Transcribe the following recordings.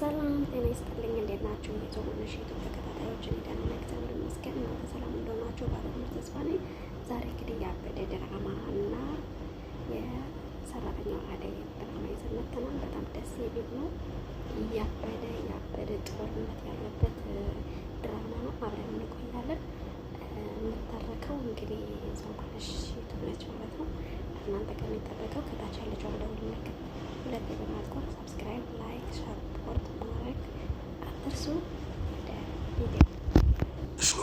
ሰላም ጤና ይስጥልኝ። እንዴት ናችሁ? የዞሆነሽ ዩቱብ ተከታታዮች ደህና ነኝ፣ እግዚአብሔር ይመስገን። እናንተ ሰላም እንደሆናችሁ ባለሙሉ ተስፋ ነኝ። ዛሬ እንግዲህ የአበደ ድራማ እና የሰራተኛው አደይ ድራማ ይዘን መጥተናል። በጣም ደስ የሚል ነው። እያበደ እያበደ ጦርነት ያለበት ድራማ ነው። አብረን እንቆያለን። የምታረከው እንግዲህ ዞሆነሽ ዩቱብ ነች ማለት ነው። መጠቀም የጠበቀው ከታች ያለችው ደውል ምልክት ሁለት በማጥቆር ሰብስክራይብ፣ ላይክ፣ ሻር፣ ሪፖርት ማድረግ አትርሱ።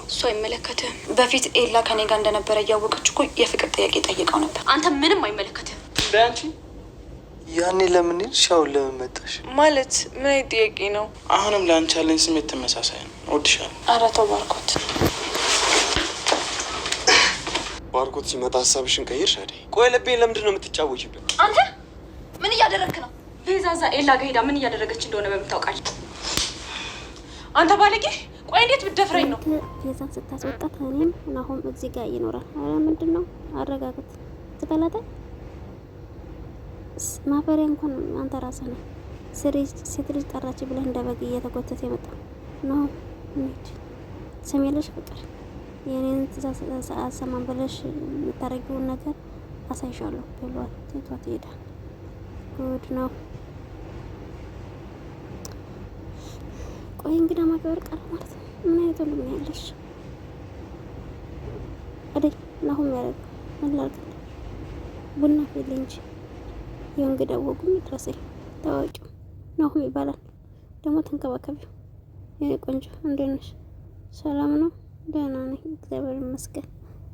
እሱ አይመለከትህም። በፊት ኤላ ከኔ ጋር እንደነበረ እያወቀች እኮ የፍቅር ጥያቄ ጠይቀው ነበር። አንተ ምንም አይመለከትህም። አንቺ ያኔ ለምን ሻውን ለምን መጣሽ? ማለት ምን ጥያቄ ነው? አሁንም ለአንቺ ያለኝ ስሜት ተመሳሳይ ነው። እወድሻለሁ። ኧረ ተው ባርኮት ባርኮት ሲመጣ ሀሳብሽን ቀይርሽ አይደል? ቆይ ልቤን ለምንድን ነው የምትጫወችበት? አንተ ምን እያደረግክ ነው? ቤዛዛ ኤላ ጋር ሄዳ ምን እያደረገች እንደሆነ በምታውቃል። አንተ ባለጌ ቆይ እንዴት ብደፍረኝ ነው? ቤዛ ስታስወጣት እኔም ናሆም እዚህ ጋር ይኖራል። አረ ምንድን ነው አረጋግጥ ትበላተ ማፈሪያ እንኳን አንተ ራስህ ነው። ሴት ልጅ ጠራች ብለህ እንደበግ በግ እየተጎተተ የመጣ ናሆም ስሜለሽ ፍቅር የእኔን ትእዛዝ አሰማን ብለሽ የምታደርጊውን ነገር አሳይሻለሁ ብሏት ትቷት ይሄዳል። ጉድ ነው። ቆይ እንግዳ ማክበር ቀረ ማለት ነው። ምን አይነት ወንድም ነው ያለሽ? አደይ ናሁም ያደረግ ምን ላድርግ ቡና ፊል እንጂ ይኸው ወጉም ይድረሰኝ። ታዋቂው ናሁም ይባላል ደግሞ ተንከባከቢው። የኔ ቆንጆ እንደነሽ ሰላም ነው ደህና ነኝ እግዚአብሔር ይመስገን።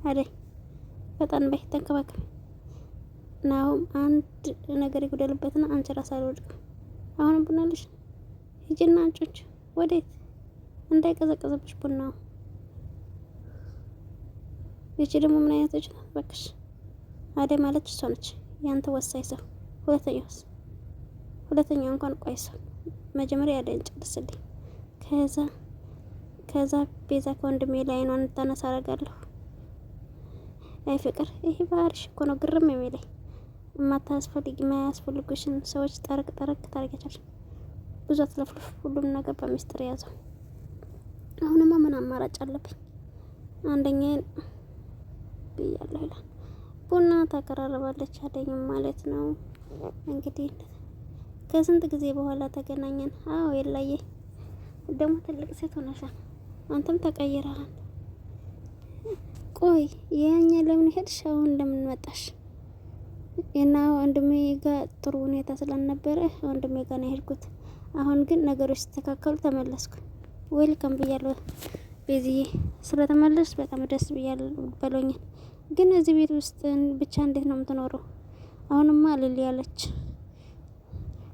አደይ ፈጣን በይ ተንከባከቢ። ናሁም አንድ ነገር ይጉደልበትና አንቺ ራስ አልወድቅም። አሁንም ቡና ልሽ ሂጂና አንጮች ወዴት እንዳይቀዘቀዘብሽ ቡናው። ይቺ ደግሞ ምን አይነቶች ናት? እባክሽ አደይ ማለት እሷ ነች ያንተ ወሳኝ ሰው። ሁለተኛውስ ሁለተኛው እንኳን ቆይ ሰው መጀመሪያ አደይን ጨርስልኝ ከዛ ከዛ ቤዛ ከወንድሜ ላይ ነው እንታነሳ አደርጋለሁ። አይ ፍቅር፣ ይሄ ባህሪሽ እኮ ነው ግርም የሚለኝ። ማታስፈልግ የማያስፈልጉሽን ሰዎች ጠረቅ ጠረቅ ታደርጊያለሽ። ብዙ አትለፍልፍ፣ ሁሉም ነገር በሚስጥር ያዘው። አሁንማ ምን አማራጭ አለብኝ? አንደኛ ብያለሁ ይላል። ቡና ታቀራረባለች አደኝም ማለት ነው እንግዲህ ከስንት ጊዜ በኋላ ተገናኘን። አዎ የላየ ደግሞ ትልቅ ሴት ሆነሻል። አንተም ተቀይረሃል። ቆይ ያኛ ለምን ሄድሽ? አሁን ለምን መጣሽ? እና ወንድሜ ጋ ጥሩ ሁኔታ ስላልነበረ ወንድሜ ጋር ነው ሄድኩት። አሁን ግን ነገሮች ሲስተካከሉ ተመለስኩ። ዌልካም ብያለሁ ቤዝዬ። ስለተመለስ በጣም ደስ ብያለሁ ብሎኛል። ግን እዚህ ቤት ውስጥ ብቻ እንዴት ነው የምትኖረው? አሁንማ ልል ያለች።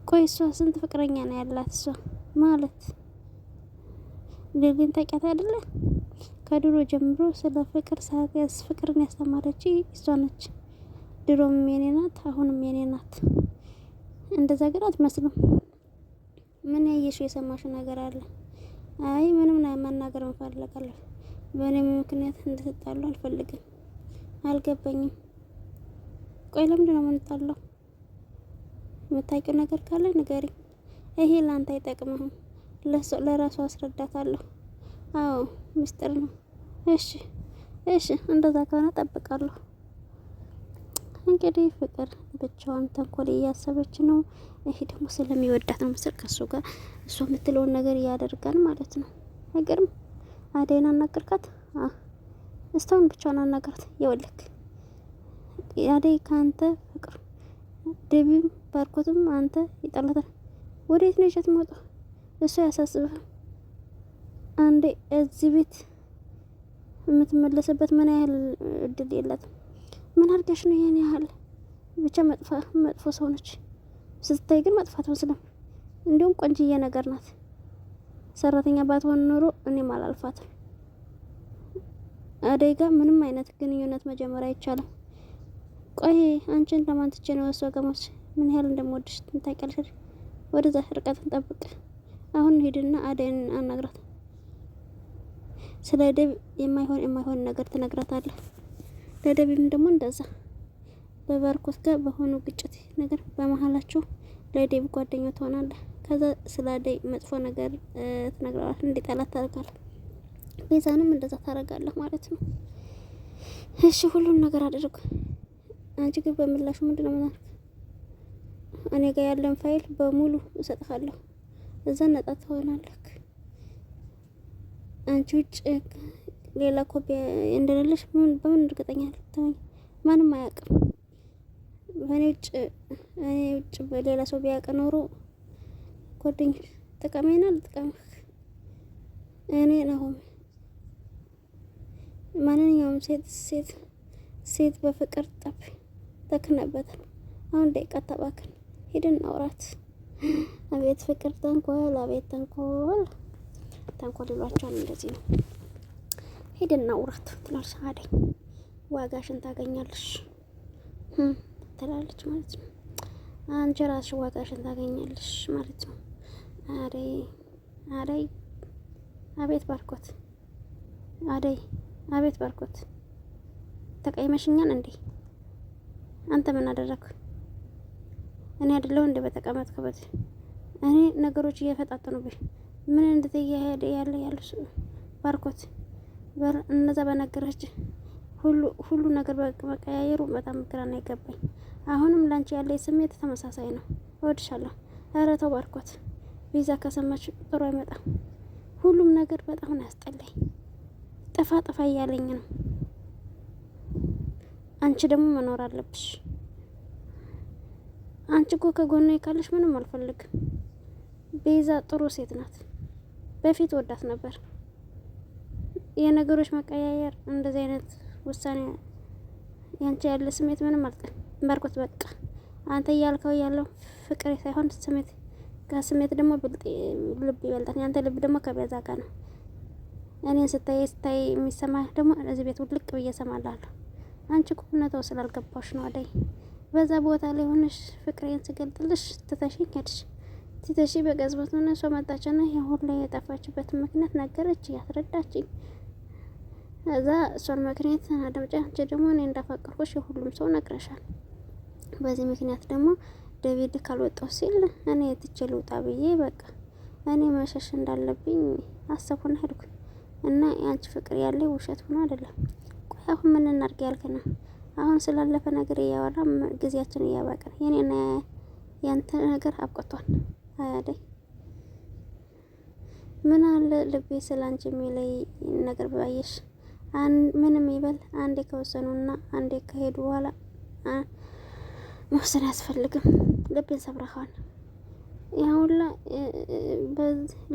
ቆይ እሷ ስንት ፍቅረኛ ነው ያላት? እሷ ማለት ልልን ታውቂያት አይደለ? ከድሮ ጀምሮ ስለ ፍቅር ሳያስ ፍቅርን ያስተማረች እሷ ነች። ድሮም የኔ ናት፣ አሁንም የኔ ናት። እንደዛ ግን አትመስልም። ምን ያየሽው የሰማሽው ነገር አለ? አይ ምንም መናገር እንፈልጋለን። በእኔ ምክንያት እንድትጣሉ አልፈልግም። አልገባኝም። ቆይ ለምንድን ነው የምንጣለው? የምታውቂው ነገር ካለ ንገሪ። ይሄ ለአንተ አይጠቅምህም። ለራሱ አስረዳታለሁ። አዎ ምስጢር ነው። እሺ እሺ፣ እንደዛ ከሆነ ጠብቃለሁ። እንግዲህ ፍቅር ብቻዋን ተንኮል እያሰበች ነው። ይሄ ደግሞ ስለሚወዳት ነው ምስል ከሱ ጋር እሷ የምትለውን ነገር ያደርጋል ማለት ነው። አይገርም። አደይን አናገርካት? እስታሁን ብቻዋን አናገራት። የወለክ አደይ ከአንተ ፍቅር ደቢም ባርኮትም አንተ ይጠላታል። ወዴት ነው ይሸት መውጣ እሱ ያሳስብህ። አንዴ እዚህ ቤት የምትመለስበት ምን ያህል እድል የላትም። ምን አድርጋሽ ነው ይሄን ያህል? ብቻ መጥፋ መጥፎ ሰው ነች። ስትታይ ግን መጥፋት መስለም፣ እንዲሁም ቆንጅዬ ነገር ናት። ሰራተኛ ባትሆን ኑሮ እኔም አላልፋትም። አደይ ምንም አይነት ግንኙነት መጀመር አይቻልም። ቆይ አንቺን ለማን ትቼ ነው እሷ ጋር ምን ያህል እንደምወድሽ ታውቂያለሽ። ወደዛ ርቀትን ጠብቅ። አሁን ሂድና አደይን አናግራት። ስለ ደብ የማይሆን የማይሆን ነገር ትነግራታለህ። ለደብም ደግሞ እንደዛ በባርኮት ጋር በሆኑ ግጭት ነገር በመሀላቸው ለደብ ጓደኛ ትሆናለህ። ከዛ ስለ አደይ መጥፎ ነገር ትነግራታለህ። እንዲጠላት ታደርጋለህ። ቤዛንም እንደዛ ታደርጋለህ ማለት ነው። እሺ ሁሉን ነገር አድርግ። አንቺ ግን በምላሹ ምንድነው? እኔ ጋር ያለን ፋይል በሙሉ እሰጥሃለሁ። እዛ ነጣ ትሆናለክ። አንቺ ውጭ ሌላ ኮፒ እንደሌለሽ በምን እርግጠኛ ልትሆኝ? ማንም አያውቅም። በእኔ ውጭ እኔ ውጭ ሌላ ሰው ቢያውቅ ኖሮ ጓደኛ ጥቀሜና ልጥቀምክ። እኔ ናሆም ማንኛውም ሴት ሴት ሴት በፍቅር ጠብ ተክነበታል። አሁን ደቂቃ ተባክን፣ ሄደን አውራት አቤት ፍቅር ተንኮል፣ አቤት ተንኮል ተንኮል ይሏቸዋል። እንደዚህ ነው። ሂድና ውራት ትላለች አደይ። ዋጋሽን ታገኛለሽ ትላለች ማለት ነው። አንቺ ራስሽ ዋጋሽን ታገኛለሽ ማለት ነው። አደይ አደይ፣ አቤት ባርኮት፣ አደይ አቤት ባርኮት፣ ተቀይመሽኛል እንዴ? አንተ ምን አደረግክ? እኔ አይደለሁ እንደ በተቀመጥክበት እኔ ነገሮች እየፈጣጠኑብኝ ምን እንደተያሄደ ያለ ያለ ባርኮት በር እነዛ በነገረች ሁሉ ሁሉ ነገር መቀያየሩ በጣም ግራ ነው የገባኝ። አሁንም ላንቺ ያለ ስሜት ተመሳሳይ ነው። እወድሻለሁ። ኧረ ተው ባርኮት፣ ቤዛ ከሰማች ጥሩ አይመጣም። ሁሉም ነገር በጣም ነው ያስጠላኝ። ጥፋ ጠፋ እያለኝ ነው። አንቺ ደግሞ መኖር አለብሽ። አንቺ እኮ ከጎኗ ካለሽ ምንም አልፈልግም። ቤዛ ጥሩ ሴት ናት። በፊት ወዳት ነበር። የነገሮች መቀያየር እንደዚህ አይነት ውሳኔ ያንቺ ያለ ስሜት ምንም አልጠ ባርኮት በቃ አንተ እያልከው ያለው ፍቅር ሳይሆን ስሜት ከስሜት ደግሞ ልብ ይበልጣል። ያንተ ልብ ደግሞ ከቤዛ ጋር ነው። እኔን ስታይ ስታይ የሚሰማ ደግሞ እዚህ ቤት ውልቅ ብዬ እሰማላለሁ። አንቺ እኮ ስላልገባሽ ነው አደይ በዛ ቦታ ላይ ሆነሽ ፍቅሬን ስገልጥልሽ ትተሽኝ ሄድሽ። ትተሽ በቀዝበት ሆነ ሰው መጣችና ላይ የጠፋችበት ምክንያት ነገረች፣ ያስረዳችኝ። እዛ እሷን ምክንያት አዳምጫ፣ አንቺ ደግሞ እኔ እንዳፈቀርኩሽ የሁሉም ሰው ነግረሻል። በዚህ ምክንያት ደግሞ ዴቪድ ካልወጣው ሲል እኔ ትቼ ልውጣ ብዬ በቃ እኔ መሸሽ እንዳለብኝ አሰብኩና ሄድኩኝ እና የአንቺ ፍቅር ያለ ውሸት ሆኖ አይደለም። ቆይ አሁን ምን እናድርግ ያልክ ነው አሁን ስላለፈ ነገር እያወራ ጊዜያችን እያባቀን የኔና ያንተ ነገር አብቅቷል። አያደይ ምን አለ ልቤ ስላንቺ የሚለይ ነገር ባየሽ ምንም ይበል አንዴ ከወሰኑና አንዴ ከሄዱ በኋላ መወሰን አያስፈልግም። ልቤን ሰብረኸዋል። ያሁላ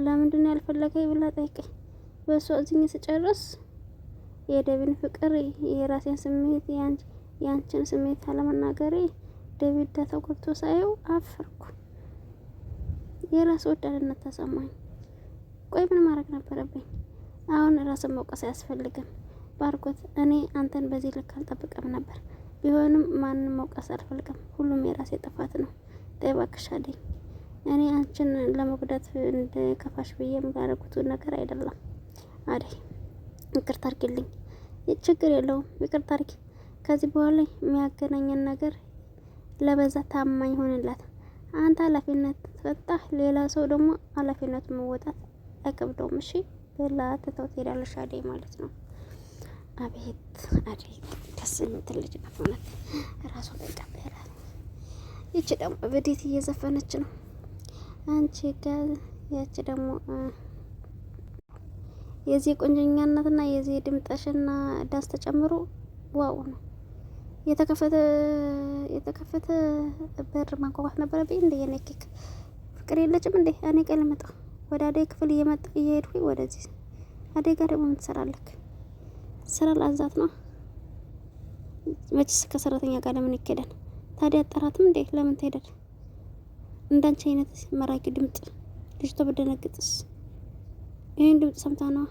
ለምንድን ነው ያልፈለገኝ ብላ ጠይቀኝ በእሷ እዚህኝ ስጨርስ የደቪን ፍቅር፣ የራሴን ስሜት፣ ያንችን ስሜት አለመናገሬ ደቪድ ተጎድቶ ሳየው አፈርኩ። የራስ ወዳድነት ተሰማኝ። ቆይ ምን ማድረግ ነበረብኝ? አሁን ራስን መውቀስ አያስፈልግም። ባርኮት፣ እኔ አንተን በዚህ ልክ አልጠብቅም ነበር። ቢሆንም ማንም መውቀስ አልፈልግም። ሁሉም የራሴ ጥፋት ነው። እባክሽ አደይ፣ እኔ አንቺን ለመጉዳት እንደከፋሽ ብዬ ያደረጉት ነገር አይደለም አደይ ይቅርታ አድርጊልኝ። ችግር የለውም ይቅርታ አድርጊ። ከዚህ በኋላ የሚያገናኘን ነገር ለበዛ ታማኝ ሆንላት። አንተ ኃላፊነት ተሰጣህ፣ ሌላ ሰው ደግሞ ኃላፊነቱን መወጣት አይከብደውም። እሺ ሌላ ትተው ትሄዳለች። አደይ ማለት ነው። አቤት አደይ ደስ የምትል ልጅ ናት። እውነት ራሷን ይጠበላል። ይቺ ደግሞ በዴት እየዘፈነች ነው አንቺ ጋር ያቺ ደግሞ የዚህ ቁንጅኛነትና የዚህ ድምጠሽና ዳንስ ተጨምሮ ዋው ነው። የተከፈተ የተከፈተ በር ማንኳኳት ነበረብኝ። እንደ የኔ ኬክ ፍቅር የለችም እንዴ? እኔ ቀን ልመጣ ወደ አደይ ክፍል እየመጣ እየሄድኩ ወደዚህ አደይ ጋር ደግሞ ምትሰራለክ? ስራ ላዛት ነው መችስ ከሰራተኛ ጋር ለምን ይኬዳል ታዲያ? አጠራትም እንዴ? ለምን ትሄዳል? እንዳንቺ አይነት መራቂ ድምጥ ልጅቷ በደነግጥስ ይህን ድምፅ ሰምታ ነው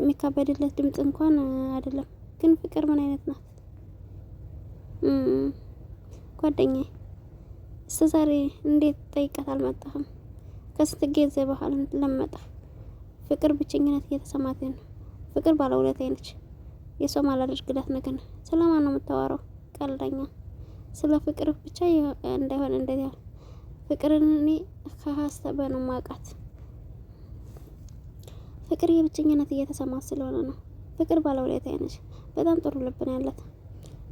የሚካበድለት ድምፅ እንኳን አይደለም። ግን ፍቅር ምን አይነት ናት ጓደኛ እስከ ዛሬ እንዴት ጠይቃት አልመጣህም? ከስንት ጊዜ በኋላ ለመጣ ፍቅር ብቸኝነት እየተሰማት ነው። ፍቅር ባለውለታ አይነች የሰው ማላደርግላት ነገር ነው። ስለማን ነው የምታወራው? ቀልደኛ። ስለ ፍቅር ብቻ እንዳይሆን እንደዚያ ፍቅርን እኔ ከሀስተበ ነው ማውቃት ፍቅር የብቸኝነት እየተሰማት ስለሆነ ነው። ፍቅር ባለውለታዬ ነች። በጣም ጥሩ ልብ ነው ያላት።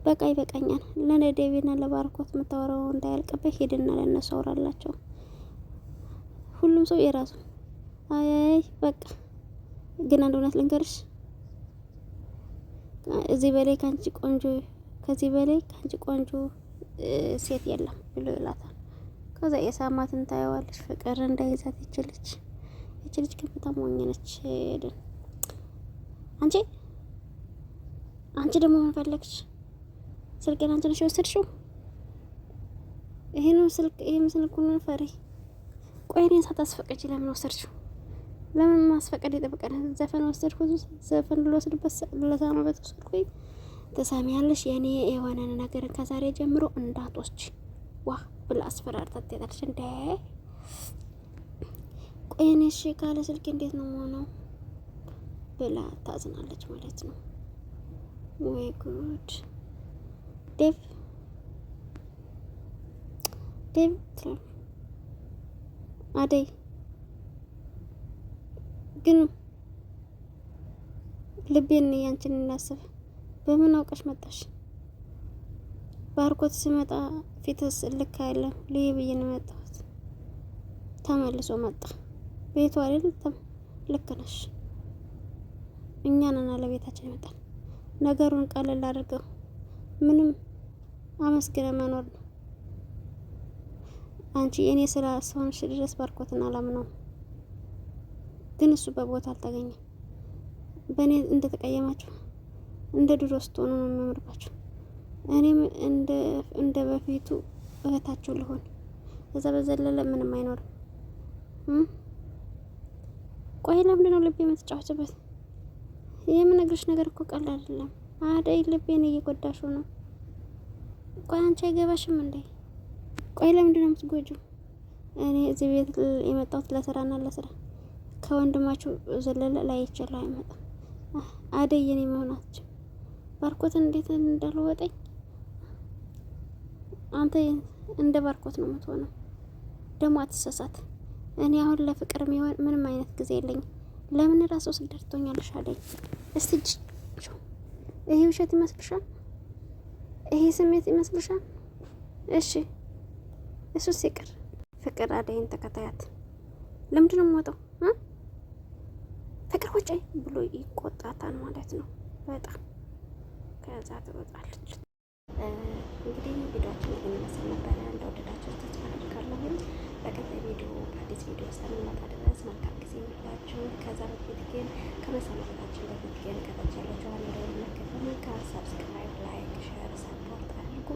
በቃ ይበቃኛል። ለነዴቪና ለባርኮት የምታወራው እንዳያልቅበት ሄድና ለእነሱ አውራላቸው። ሁሉም ሰው የራሱ አይ በቃ ግን አንድ እውነት ልንገርሽ፣ እዚህ በላይ ካንቺ ቆንጆ ከዚህ በላይ ካንቺ ቆንጆ ሴት የለም ብሎ ይላታል። ከዛ የሳማትን ታየዋለች። ፍቅር እንዳይዛት ይችልች ልጅ ግን በጣም ሞኝ ነች። ሄደን አንቺ አንቺ ደግሞ ምን ፈለግሽ? ስልኬን አንቺ ነሽ የወሰድሽው? ይሄ ስልክ። ይሄ ስልክ ምን ፈሪ። ቆይ እኔን ሳታስፈቅጂ ለምን ወሰድሽው? ለምን ማስፈቀድ ይጠብቃል? ዘፈን ወሰድኩ ዘፈን ልወስድበት ለሳማበት ወሰድኩኝ። ተሳሚያለሽ የኔ የሆነ ነገር ከዛሬ ጀምሮ እንዳትወስጂ ዋ ብላ አስፈራርታት ትሄዳለች እንዴ ጤን እሺ ካለ ስልክ እንዴት ነው መሆነው ብላ ታዝናለች ማለት ነው። ወይ ጉድ ዴቭ ዴቭ አደይ ግን ልቤን ያንችን እናስብ። በምን አውቀሽ መጣሽ? ባርኮት ስመጣ ፊትስ ልክ አይለም ልይ ብዬሽ ነው የመጣሁት። ተመልሶ መጣ። ቤቱ አይደለም። ልክ ነሽ። እኛ ነን ቤታችን ይመጣል። ነገሩን ቀለል አድርገው ምንም አመስግነ መኖር ነው። አንቺ እኔ ስራ እስከሆንሽ ድረስ ባርኮትና አላምነውም፣ ግን እሱ በቦታ አልተገኘም። በእኔ እንደተቀየማችሁ እንደ ድሮ ስትሆኑ ነው የሚያምርባችሁ። እኔም እንደ በፊቱ እህታችሁ ልሆን፣ እዛ በዘለለ ምንም አይኖርም። ቆይ ለምንድን ነው ልቤ የምትጫወትበት? የምነግርሽ ነገር እኮ ቀላል አይደለም። አደይ ልቤን እየጎዳሽው ነው። ቆይ አንቺ አይገባሽም እንዴ? ቆይ ለምንድን ነው የምትጎጂው? እኔ እዚህ ቤት የመጣሁት ለስራና ለስራ ከወንድማችሁ ዘለለ ላይ ይችላል አይመጣም። አደይ የኔ መሆናችሁ ባርኮት እንዴት እንዳልወጠኝ አንተ እንደ ባርኮት ነው የምትሆነው። ደግሞ አትሰሳት። እኔ አሁን ለፍቅር የሚሆን ምንም አይነት ጊዜ የለኝ። ለምን ራሱ ስደርቶኛልሽ አለኝ። እስቲ ይሄ ውሸት ይመስልሻል? ይሄ ስሜት ይመስልሻል? እሺ እሱ ሲቅር ፍቅር አደይን ተከታያት። ለምንድን ነው የምወጣው? ፍቅር ውጪ ብሎ ይቆጣታል ማለት ነው በጣም ከዛ ትወጣለች። እንግዲህ ቪዲዮችን ይመስል ነበር እንደወደዳቸው በቀጣይ ቪዲዮ በአዲስ ቪዲዮ እስከምንመጣ ድረስ መልካም ጊዜ ይሁንላችሁ። ከዛ በፊት ግን ከመሰናበታችን በፊት ግን ከታች ያለችው ዋናውን ምልክት በመንካት ሰብስክራይብ፣ ላይክ፣ ሸር ሰፖርት አድርጉ።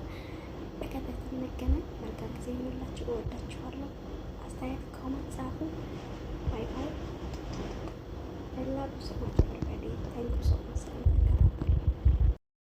በቀጣይ ስንገናኝ መልካም ጊዜ ይሁንላችሁ። እወዳችኋለሁ። አስተያየት ኮመንት ጻፉ። ባይ ባይ። I love you so much already.